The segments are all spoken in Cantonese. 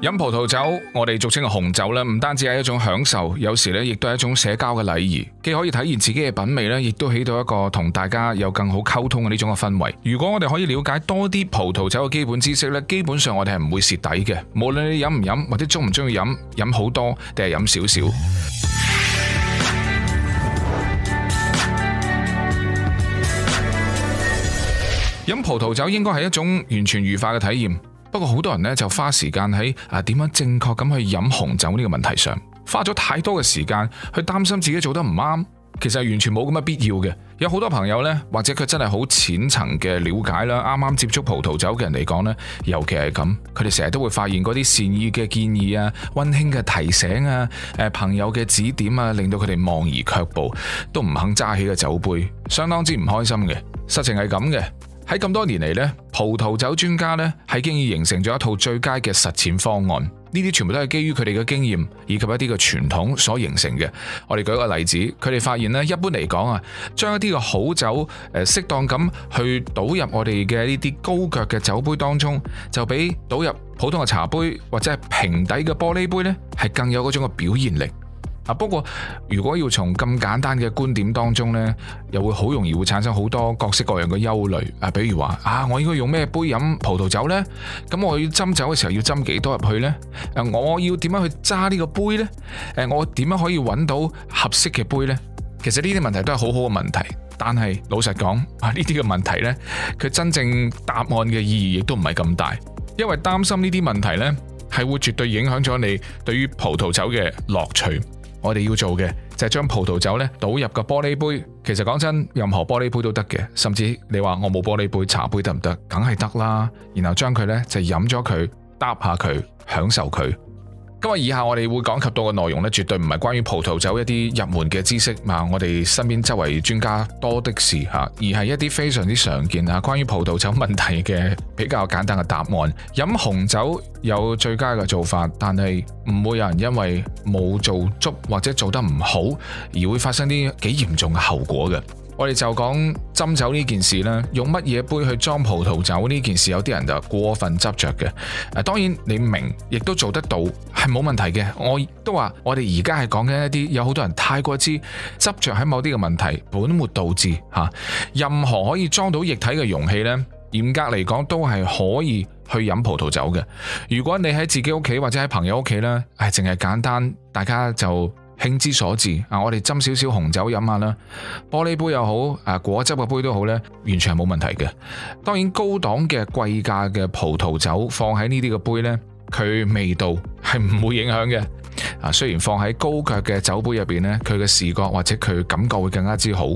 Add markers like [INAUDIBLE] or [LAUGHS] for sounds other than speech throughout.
飲葡萄酒，我哋俗稱嘅紅酒啦，唔單止係一種享受，有時咧亦都係一種社交嘅禮儀，既可以體現自己嘅品味咧，亦都起到一個同大家有更好溝通嘅呢種嘅氛圍。如果我哋可以了解多啲葡萄酒嘅基本知識咧，基本上我哋係唔會蝕底嘅。無論你飲唔飲，或者中唔中意飲，飲好多定係飲少少，飲葡萄酒應該係一種完全愉快嘅體驗。不過好多人呢，就花時間喺啊點樣正確咁去飲紅酒呢個問題上，花咗太多嘅時間去擔心自己做得唔啱，其實完全冇咁嘅必要嘅。有好多朋友呢，或者佢真係好淺層嘅了解啦，啱啱接觸葡萄酒嘅人嚟講呢，尤其係咁，佢哋成日都會發現嗰啲善意嘅建議啊、溫馨嘅提醒啊、誒朋友嘅指點啊，令到佢哋望而卻步，都唔肯揸起個酒杯，相當之唔開心嘅。實情係咁嘅。喺咁多年嚟咧，葡萄酒專家咧係經已形成咗一套最佳嘅實踐方案。呢啲全部都係基於佢哋嘅經驗以及一啲嘅傳統所形成嘅。我哋舉個例子，佢哋發現咧，一般嚟講啊，將一啲嘅好酒誒適當咁去倒入我哋嘅呢啲高腳嘅酒杯當中，就比倒入普通嘅茶杯或者係平底嘅玻璃杯呢，係更有嗰種嘅表現力。不過，如果要從咁簡單嘅觀點當中呢，又會好容易會產生好多各式各樣嘅憂慮啊。比如話啊，我應該用咩杯飲葡萄酒呢？咁我要斟酒嘅時候要斟幾多入去呢？誒，我要點樣去揸呢個杯呢？誒，我點樣可以揾到合適嘅杯呢？其實呢啲問題都係好好嘅問題，但係老實講啊，呢啲嘅問題呢，佢真正答案嘅意義亦都唔係咁大，因為擔心呢啲問題呢，係會絕對影響咗你對於葡萄酒嘅樂趣。我哋要做嘅就係將葡萄酒咧倒入個玻璃杯。其實講真，任何玻璃杯都得嘅，甚至你話我冇玻璃杯，茶杯得唔得？梗係得啦，然後將佢咧就飲咗佢，嗒下佢，享受佢。今日以下我哋會講及到嘅內容呢，絕對唔係關於葡萄酒一啲入門嘅知識，啊，我哋身邊周圍專家多的是吓，而係一啲非常之常見啊，關於葡萄酒問題嘅比較簡單嘅答案。飲紅酒有最佳嘅做法，但係唔會有人因為冇做足或者做得唔好，而會發生啲幾嚴重嘅後果嘅。我哋就講斟酒呢件事啦，用乜嘢杯去裝葡萄酒呢件事，有啲人就過分執着嘅。啊，當然你明，亦都做得到，係冇問題嘅。我都話我哋而家係講緊一啲有好多人太過之執着喺某啲嘅問題，本末倒置吓。任何可以裝到液體嘅容器呢，嚴格嚟講都係可以去飲葡萄酒嘅。如果你喺自己屋企或者喺朋友屋企呢，誒、哎，淨係簡單，大家就。興之所至啊！我哋斟少少紅酒飲下啦，玻璃杯又好，誒果汁嘅杯都好呢，完全係冇問題嘅。當然高檔嘅貴價嘅葡萄酒放喺呢啲嘅杯呢，佢味道係唔會影響嘅。啊，雖然放喺高腳嘅酒杯入邊呢，佢嘅視覺或者佢感覺會更加之好。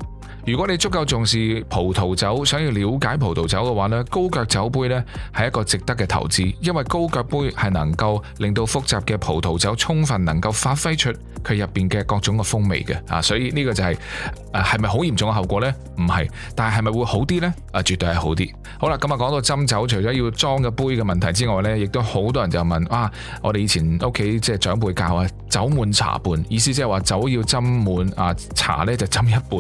如果你足夠重視葡萄酒，想要了解葡萄酒嘅話咧，高腳酒杯咧係一個值得嘅投資，因為高腳杯係能夠令到複雜嘅葡萄酒充分能夠發揮出佢入邊嘅各種嘅風味嘅啊，所以呢個就係誒係咪好嚴重嘅後果呢？唔係，但係係咪會好啲呢？啊，絕對係好啲。好啦，咁啊講到斟酒，除咗要裝嘅杯嘅問題之外呢，亦都好多人就問啊，我哋以前屋企即係長輩教啊，酒滿茶半，意思即係話酒要斟滿啊，茶呢就斟一半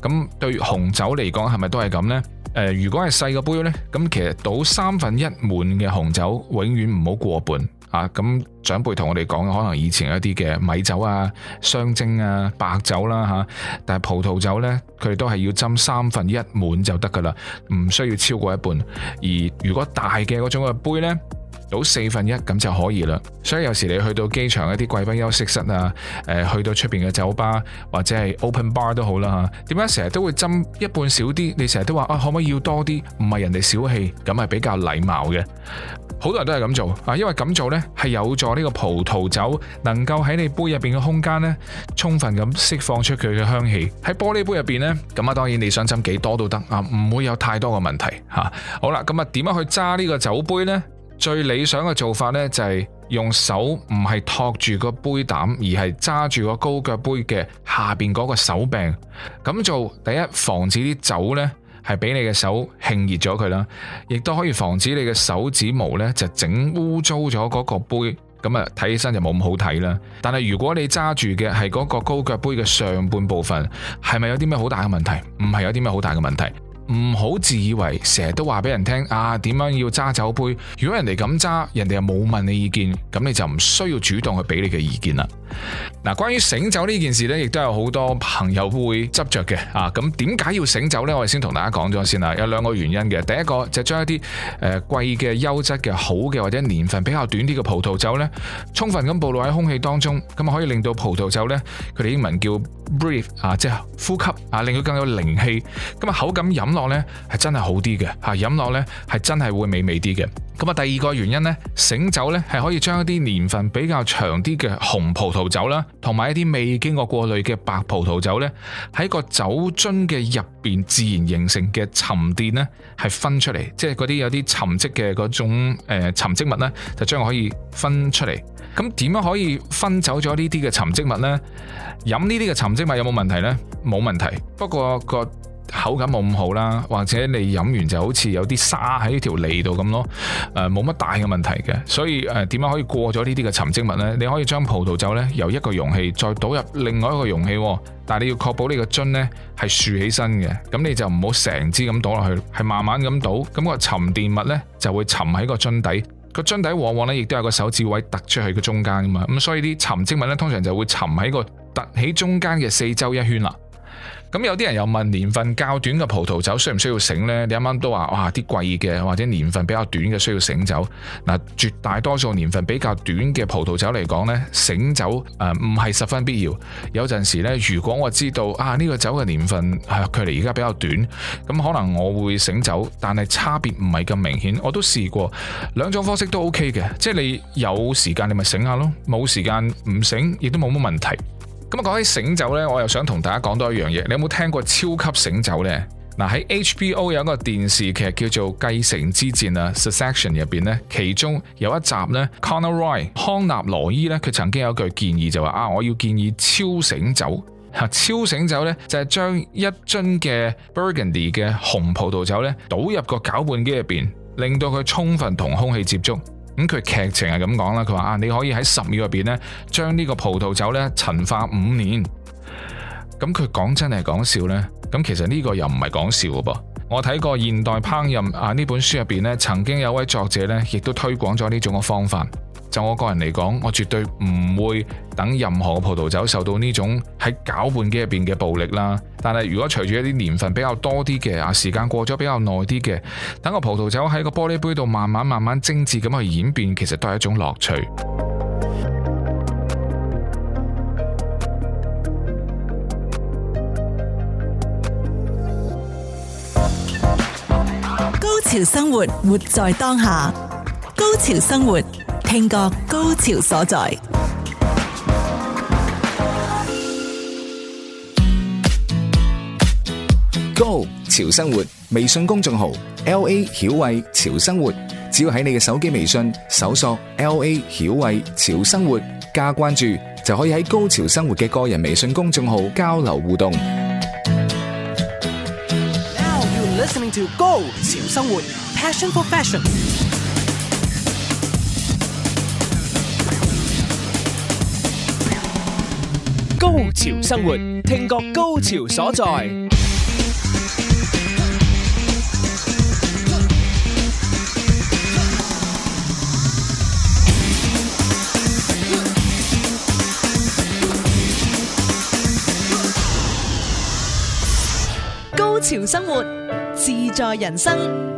咁。對紅酒嚟講係咪都係咁呢？誒、呃，如果係細個杯呢，咁其實倒三分一滿嘅紅酒永遠唔好過半啊！咁長輩同我哋講可能以前一啲嘅米酒啊、雙蒸啊、白酒啦、啊、吓、啊，但係葡萄酒呢，佢哋都係要斟三分一滿就得噶啦，唔需要超過一半。而如果大嘅嗰種嘅杯呢？到四分一咁就可以啦，所以有時你去到機場一啲貴賓休息室啊，誒、呃，去到出邊嘅酒吧或者係 open bar 都好啦吓。點解成日都會斟一半少啲？你成日都話啊，可唔可以要多啲？唔係人哋小氣，咁係比較禮貌嘅。好多人都係咁做啊，因為咁做呢係有助呢個葡萄酒能夠喺你杯入邊嘅空間呢，充分咁釋放出佢嘅香氣。喺玻璃杯入邊呢，咁啊，當然你想斟幾多都得啊，唔會有太多嘅問題吓、啊。好啦，咁啊，點樣去揸呢個酒杯呢？最理想嘅做法呢，就係用手唔係托住個杯膽，而係揸住個高腳杯嘅下邊嗰個手柄。咁做第一，防止啲酒呢係俾你嘅手㷫熱咗佢啦，亦都可以防止你嘅手指毛呢就整污糟咗嗰個杯。咁啊，睇起身就冇咁好睇啦。但係如果你揸住嘅係嗰個高腳杯嘅上半部分，係咪有啲咩好大嘅問題？唔係有啲咩好大嘅問題。唔好自以為成日都話俾人聽啊，點樣要揸酒杯？如果人哋咁揸，人哋又冇問你意見，咁你就唔需要主動去俾你嘅意見啦。嗱，關於醒酒呢件事呢，亦都有好多朋友會執着嘅啊。咁點解要醒酒呢？我哋先同大家講咗先啦。有兩個原因嘅。第一個就係、將一啲誒、呃、貴嘅、優質嘅、好嘅或者年份比較短啲嘅葡萄酒呢，充分咁暴露喺空氣當中，咁啊可以令到葡萄酒呢，佢哋英文叫 breathe 啊，即係呼吸啊，令佢更有靈氣。咁啊口感飲落呢，係真係好啲嘅嚇，飲、啊、落呢，係真係會美味啲嘅。咁啊第二個原因呢，醒酒呢，係可以將一啲年份比較長啲嘅紅葡萄酒啦。同埋一啲未經過過濾嘅白葡萄酒呢，喺個酒樽嘅入邊自然形成嘅沉澱呢，係分出嚟，即係嗰啲有啲沉積嘅嗰種、呃、沉積物呢就將可以分出嚟。咁點樣可以分走咗呢啲嘅沉積物呢？飲呢啲嘅沉積物有冇問題呢？冇問題，不過、嗰個。口感冇咁好啦，或者你飲完就好似有啲沙喺條脷度咁咯，誒、呃，冇乜大嘅問題嘅。所以誒，點、呃、樣可以過咗呢啲嘅沉積物呢？你可以將葡萄酒呢由一個容器再倒入另外一個容器，但係你要確保你個樽呢係豎起身嘅。咁你就唔好成支咁倒落去，係慢慢咁倒，咁、個沉澱物呢就會沉喺個樽底。個樽底往往呢亦都有個手指位凸出去個中間噶嘛，咁所以啲沉積物呢，通常就會沉喺個凸起中間嘅四周一圈啦。咁有啲人又問年份較短嘅葡萄酒需唔需要醒呢？你啱啱都話，哇，啲貴嘅或者年份比較短嘅需要醒酒。嗱，絕大多數年份比較短嘅葡萄酒嚟講呢，醒酒唔係十分必要。有陣時呢，如果我知道啊呢個酒嘅年份，啊，距離而家比較短，咁可能我會醒酒，但係差別唔係咁明顯。我都試過兩種方式都 OK 嘅，即係你有時間你咪醒下咯，冇時間唔醒亦都冇乜問題。咁啊，講起醒酒呢，我又想同大家講多一樣嘢。你有冇聽過超級醒酒呢？嗱，喺 HBO 有一個電視劇叫做《繼承之戰》啊，《Succession》入邊呢，其中有一集呢，Conor Roy 康納羅伊呢，佢曾經有一句建議就話、是、啊，我要建議超醒酒嚇。超醒酒呢，就係將一樽嘅 Burgundy 嘅紅葡萄酒呢，倒入個攪拌機入邊，令到佢充分同空氣接觸。咁佢劇情係咁講啦，佢話啊，你可以喺十秒入邊咧，將呢個葡萄酒咧陳化五年。咁佢講真係講笑呢。咁其實呢個又唔係講笑嘅噃。我睇過現代烹飪啊呢本書入邊咧，曾經有位作者呢，亦都推廣咗呢種嘅方法。就我個人嚟講，我絕對唔會等任何個葡萄酒受到呢種喺攪拌機入邊嘅暴力啦。但係如果隨住一啲年份比較多啲嘅啊，時間過咗比較耐啲嘅，等個葡萄酒喺個玻璃杯度慢慢慢慢精致咁去演變，其實都係一種樂趣。高潮生活，活在當下。高潮生活。聽過高潮所在。Go 潮生活微信公眾號 L A 曉慧潮生活，只要喺你嘅手機微信搜索 L A 曉慧潮生活加關注，就可以喺高潮生活嘅個人微信公眾號交流互動。Now you listening to Go 潮生活 Passion for Fashion。高潮生活，聽覺高潮所在。高潮生活，自在人生。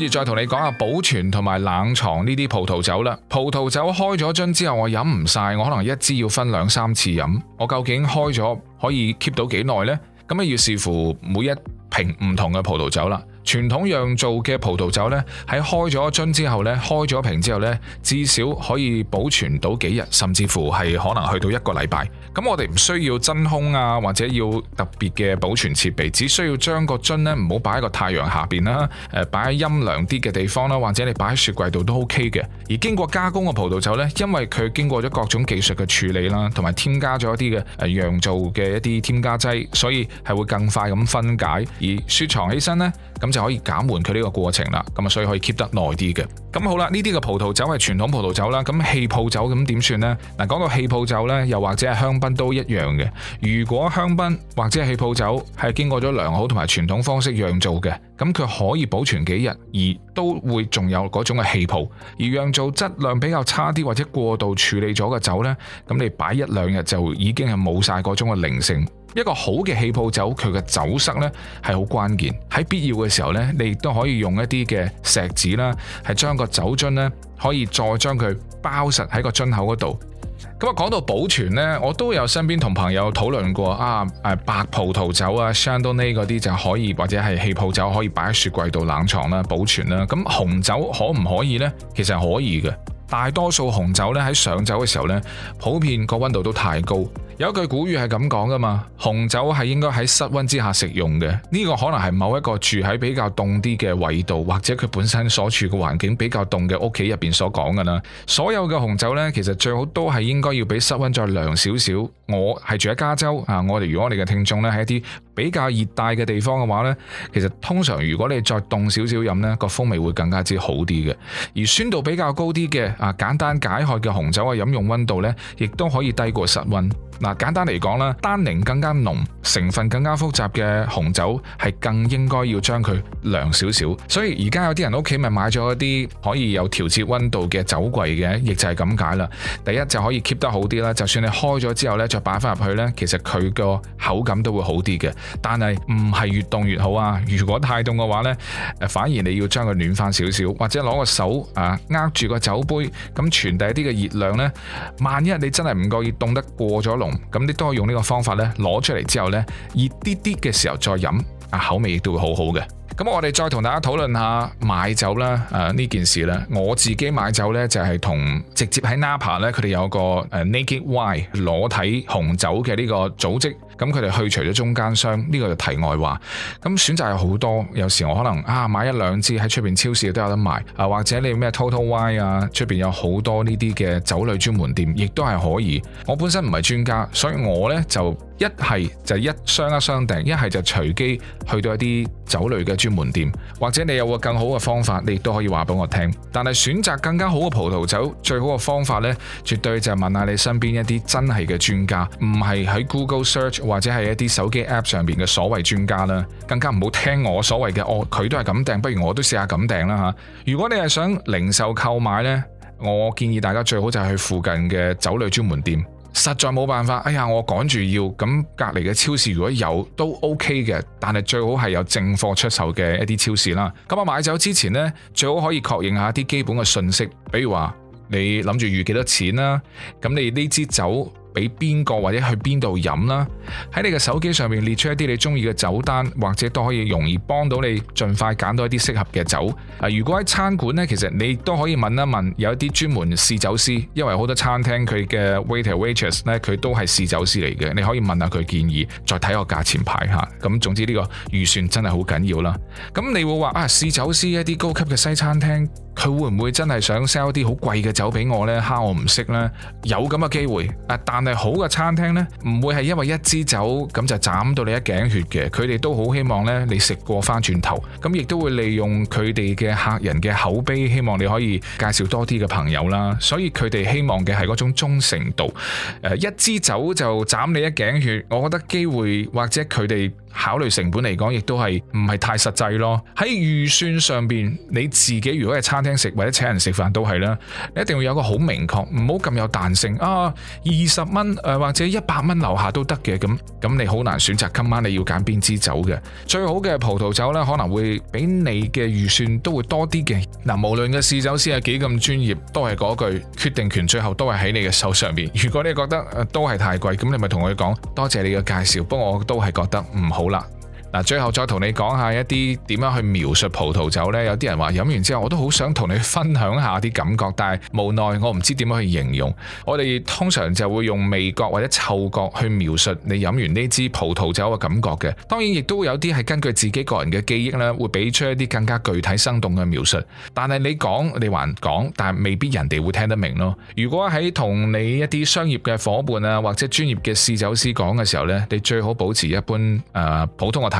跟住再同你講下保存同埋冷藏呢啲葡萄酒啦。葡萄酒開咗樽之後，我飲唔晒，我可能一支要分兩三次飲。我究竟開咗可以 keep 到幾耐呢？咁咧要視乎每一瓶唔同嘅葡萄酒啦。傳統釀造嘅葡萄酒呢，喺開咗樽之後呢，開咗瓶之後呢，至少可以保存到幾日，甚至乎係可能去到一個禮拜。咁我哋唔需要真空啊，或者要特別嘅保存設備，只需要將個樽呢唔好擺喺個太陽下邊啦，誒擺喺陰涼啲嘅地方啦，或者你擺喺雪櫃度都 OK 嘅。而經過加工嘅葡萄酒呢，因為佢經過咗各種技術嘅處理啦，同埋添加咗一啲嘅誒釀造嘅一啲添加劑，所以係會更快咁分解，而雪藏起身呢。咁就可以減緩佢呢個過程啦，咁啊所以可以 keep 得耐啲嘅。咁好啦，呢啲嘅葡萄酒係傳統葡萄酒啦，咁氣泡酒咁點算呢？嗱，講到氣泡酒呢，又或者係香檳都一樣嘅。如果香檳或者係氣泡酒係經過咗良好同埋傳統方式釀造嘅，咁佢可以保存幾日，而都會仲有嗰種嘅氣泡。而釀造質量比較差啲或者過度處理咗嘅酒呢，咁你擺一兩日就已經係冇晒嗰種嘅靈性。一個好嘅氣泡酒，佢嘅酒塞呢係好關鍵。喺必要嘅時候呢，你亦都可以用一啲嘅錫紙啦，係將個酒樽呢可以再將佢包實喺個樽口嗰度。咁啊，講到保存呢，我都有身邊同朋友討論過啊，誒白葡萄酒啊、Chardonnay 嗰啲就可以，或者係氣泡酒可以擺喺雪櫃度冷藏啦、保存啦。咁、嗯、紅酒可唔可以呢？其實係可以嘅，大多數紅酒呢，喺上酒嘅時候呢，普遍個溫度都太高。有一句古語係咁講噶嘛，紅酒係應該喺室温之下食用嘅。呢個可能係某一個住喺比較凍啲嘅緯度，或者佢本身所處嘅環境比較凍嘅屋企入邊所講噶啦。所有嘅紅酒呢，其實最好都係應該要比室温再涼少少。我係住喺加州啊，我哋如果我哋嘅聽眾呢，喺一啲比較熱帶嘅地方嘅話呢，其實通常如果你再凍少少飲呢，個風味會更加之好啲嘅。而酸度比較高啲嘅啊，簡單解渴嘅紅酒嘅飲用温度呢，亦都可以低過室溫。簡單嚟講啦，單寧更加濃，成分更加複雜嘅紅酒係更應該要將佢涼少少。所以而家有啲人屋企咪買咗一啲可以有調節溫度嘅酒櫃嘅，亦就係咁解啦。第一就可以 keep 得好啲啦，就算你開咗之後呢，再擺翻入去呢，其實佢個口感都會好啲嘅。但係唔係越凍越好啊！如果太凍嘅話呢，反而你要將佢暖翻少少，或者攞個手啊握住個酒杯咁傳遞一啲嘅熱量呢，萬一你真係唔覺意凍得過咗籠。咁你都可以用呢個方法咧，攞出嚟之後咧，熱啲啲嘅時候再飲，啊口味亦都會好好嘅。咁我哋再同大家討論下買酒啦。誒，呢件事咧，我自己買酒咧就係、是、同直接喺 Napa 咧，佢哋有個誒 Naked Wine 裸體紅酒嘅呢個組織。咁佢哋去除咗中間商，呢個就題外話。咁選擇有好多，有時我可能啊買一兩支喺出邊超市都有得賣啊，或者你咩 Total Wine 啊，出邊有好多呢啲嘅酒類專門店，亦都係可以。我本身唔係專家，所以我呢就一係就一箱一箱訂，一係就隨機去到一啲酒類嘅專門店，或者你有個更好嘅方法，你亦都可以話俾我聽。但係選擇更加好嘅葡萄酒，最好嘅方法呢，絕對就係問下你身邊一啲真係嘅專家，唔係喺 Google search。或者係一啲手機 App 上面嘅所謂專家啦，更加唔好聽我所謂嘅，哦，佢都係咁訂，不如我都試下咁訂啦嚇。如果你係想零售購買呢，我建議大家最好就係去附近嘅酒類專門店。實在冇辦法，哎呀，我趕住要，咁隔離嘅超市如果有都 OK 嘅，但係最好係有正貨出售嘅一啲超市啦。咁啊買酒之前呢，最好可以確認下啲基本嘅信息，比如話你諗住預幾多錢啦，咁你呢支酒。俾邊個或者去邊度飲啦？喺你嘅手機上面列出一啲你中意嘅酒單，或者都可以容易幫到你，盡快揀到一啲適合嘅酒。啊，如果喺餐館呢，其實你都可以問一問，有一啲專門試酒師，因為好多餐廳佢嘅 waiter waitress 呢，佢、er, 都係試酒師嚟嘅，你可以問下佢建議，再睇下價錢牌嚇。咁總之呢個預算真係好緊要啦。咁你會話啊，試酒師一啲高級嘅西餐廳，佢會唔會真係想 sell 啲好貴嘅酒俾我呢？蝦、啊、我唔識咧，有咁嘅機會啊，但但係好嘅餐廳呢，唔會係因為一支酒咁就斬到你一頸血嘅，佢哋都好希望呢，你食過翻轉頭，咁亦都會利用佢哋嘅客人嘅口碑，希望你可以介紹多啲嘅朋友啦。所以佢哋希望嘅係嗰種忠誠度，一支酒就斬你一頸血，我覺得機會或者佢哋。考慮成本嚟講，亦都係唔係太實際咯。喺預算上邊，你自己如果係餐廳食或者請人食飯都係啦。你一定要有個好明確，唔好咁有彈性啊，二十蚊或者一百蚊樓下都得嘅咁。咁你好難選擇今晚你要揀邊支酒嘅。最好嘅葡萄酒呢，可能會比你嘅預算都會多啲嘅。嗱，無論嘅試酒師係幾咁專業，都係嗰句決定權最後都係喺你嘅手上邊。如果你覺得，啊，都係太貴，咁你咪同佢講多謝你嘅介紹，不過我都係覺得唔好。好啦。嗱，最後再同你講下一啲點樣去描述葡萄酒呢。有啲人話飲完之後，我都好想同你分享下啲感覺，但係無奈我唔知點樣去形容。我哋通常就會用味覺或者嗅覺去描述你飲完呢支葡萄酒嘅感覺嘅。當然亦都有啲係根據自己個人嘅記憶呢，會俾出一啲更加具體生動嘅描述。但係你講你還講，但係未必人哋會聽得明咯。如果喺同你一啲商業嘅伙伴啊，或者專業嘅試酒師講嘅時候呢，你最好保持一般、呃、普通嘅態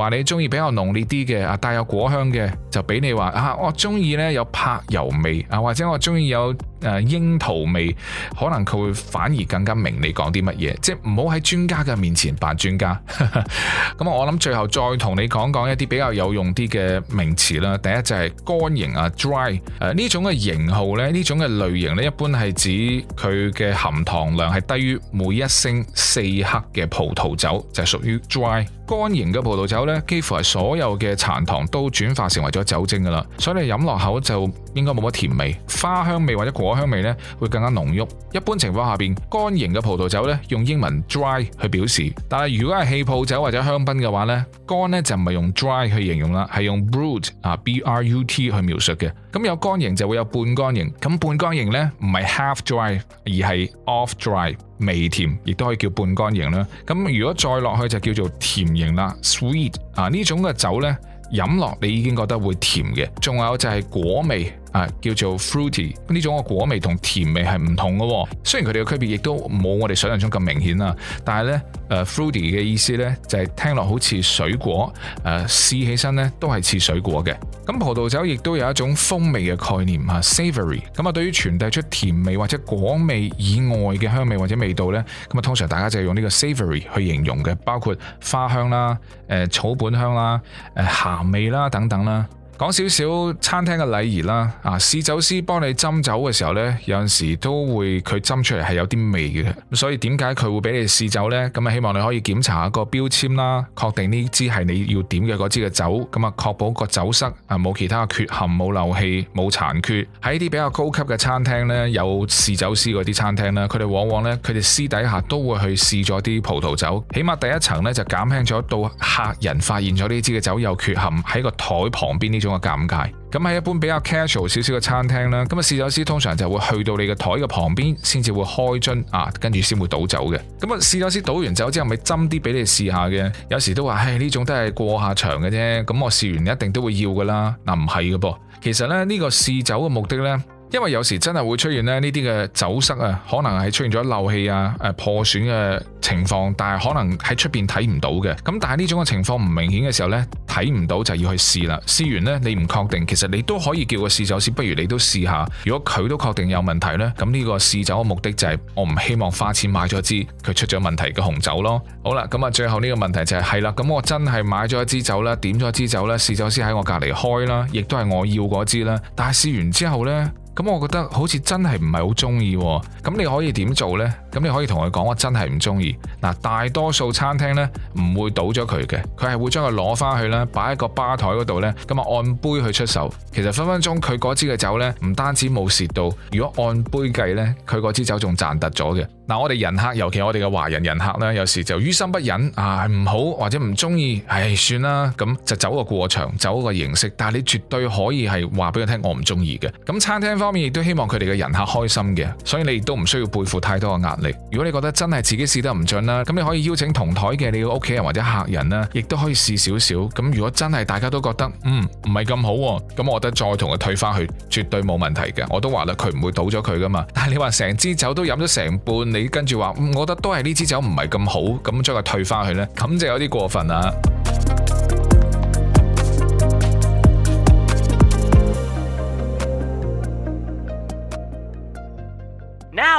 話你中意比較濃烈啲嘅啊，帶有果香嘅就俾你話啊，我中意呢有柏油味啊，或者我中意有誒、呃、櫻桃味，可能佢會反而更加明你講啲乜嘢，即係唔好喺專家嘅面前扮專家。咁 [LAUGHS] 我諗最後再同你講講一啲比較有用啲嘅名詞啦。第一就係乾型啊 dry，呢、呃、種嘅型號呢，呢種嘅類型呢，一般係指佢嘅含糖量係低於每一升四克嘅葡萄酒就係、是、屬於 dry 乾型嘅葡萄酒咧幾乎係所有嘅殘糖都轉化成為咗酒精㗎啦，所以你飲落口就應該冇乜甜味，花香味或者果香味咧會更加濃郁。一般情況下邊乾型嘅葡萄酒咧，用英文 dry 去表示，但係如果係氣泡酒或者香檳嘅話咧，乾咧就唔係用 dry 去形容啦，係用 brut, B R U T 啊 brut 去描述嘅。咁有乾型就會有半乾型，咁半乾型呢，唔係 half dry 而係 off dry，微甜亦都可以叫半乾型啦。咁如果再落去就叫做甜型啦，sweet 啊呢種嘅酒呢，飲落你已經覺得會甜嘅，仲有就係果味。啊、叫做 fruity，呢種嘅果味同甜味係唔同噶、哦。雖然佢哋嘅區別亦都冇我哋想象中咁明顯啦，但係呢誒、uh,，fruity 嘅意思呢，就係、是、聽落好似水果，誒、啊，試起身呢都係似水果嘅。咁葡萄酒亦都有一種風味嘅概念吓、uh,，savory。咁啊，對於傳遞出甜味或者果味以外嘅香味或者味道呢，咁啊，通常大家就係用呢個 savory 去形容嘅，包括花香啦、誒、呃、草本香啦、誒鹹味啦等等啦。講少少餐廳嘅禮儀啦，啊，試酒師幫你斟酒嘅時候呢，有陣時都會佢斟出嚟係有啲味嘅，所以點解佢會俾你試酒呢？咁啊，希望你可以檢查下個標籤啦，確定呢支係你要點嘅嗰支嘅酒，咁啊，確保個酒塞啊冇其他缺陷，冇漏氣，冇殘缺。喺啲比較高級嘅餐廳呢，有試酒師嗰啲餐廳啦，佢哋往往呢，佢哋私底下都會去試咗啲葡萄酒，起碼第一層呢，就減輕咗到客人發現咗呢支嘅酒有缺陷喺個台旁邊呢種個尷尬，咁喺一般比較 casual 少少嘅餐廳啦，咁啊試酒師通常就會去到你嘅台嘅旁邊，先至會開樽啊，跟住先會倒酒嘅。咁啊試酒師倒完酒之後，咪斟啲俾你試下嘅。有時都話，唉呢種都係過下場嘅啫。咁我試完一定都會要噶啦。嗱唔係噶噃，其實咧呢個試酒嘅目的呢。因為有時真係會出現咧呢啲嘅酒塞啊，可能係出現咗漏氣啊、誒、呃、破損嘅情況，但係可能喺出邊睇唔到嘅。咁但係呢種嘅情況唔明顯嘅時候呢，睇唔到就要去試啦。試完呢，你唔確定，其實你都可以叫個試酒師，不如你都試下。如果佢都確定有問題呢，咁呢個試酒嘅目的就係我唔希望花錢買咗支佢出咗問題嘅紅酒咯。好啦，咁、嗯、啊，最後呢個問題就係係啦，咁我真係買咗一支酒啦，點咗一支酒啦，試酒師喺我隔籬開啦，亦都係我要嗰支啦，但係試完之後呢。咁我覺得好似真係唔係好鍾意喎，咁你可以點做呢？咁你可以同佢講，我真係唔中意。嗱，大多數餐廳呢唔會倒咗佢嘅，佢係會將佢攞翻去啦，擺喺個吧台嗰度呢。咁啊按杯去出售。其實分分鐘佢嗰支嘅酒呢唔單止冇蝕到，如果按杯計呢，佢嗰支酒仲賺得咗嘅。嗱，我哋人客，尤其我哋嘅華人人客呢，有時就於心不忍啊，唔好或者唔中意，唉、哎，算啦，咁就走個過場，走個形式。但係你絕對可以係話俾佢聽，我唔中意嘅。咁餐廳方面亦都希望佢哋嘅人客開心嘅，所以你亦都唔需要背負太多嘅壓力。如果你覺得真係自己試得唔盡啦，咁你可以邀請同台嘅你嘅屋企人或者客人啦，亦都可以試少少。咁如果真係大家都覺得嗯唔係咁好喎，咁我覺得再同佢退翻去絕對冇問題嘅。我都話啦，佢唔會倒咗佢㗎嘛。但係你話成支酒都飲咗成半，你跟住話、嗯、我覺得都係呢支酒唔係咁好，咁將佢退翻去呢，咁就有啲過分啦。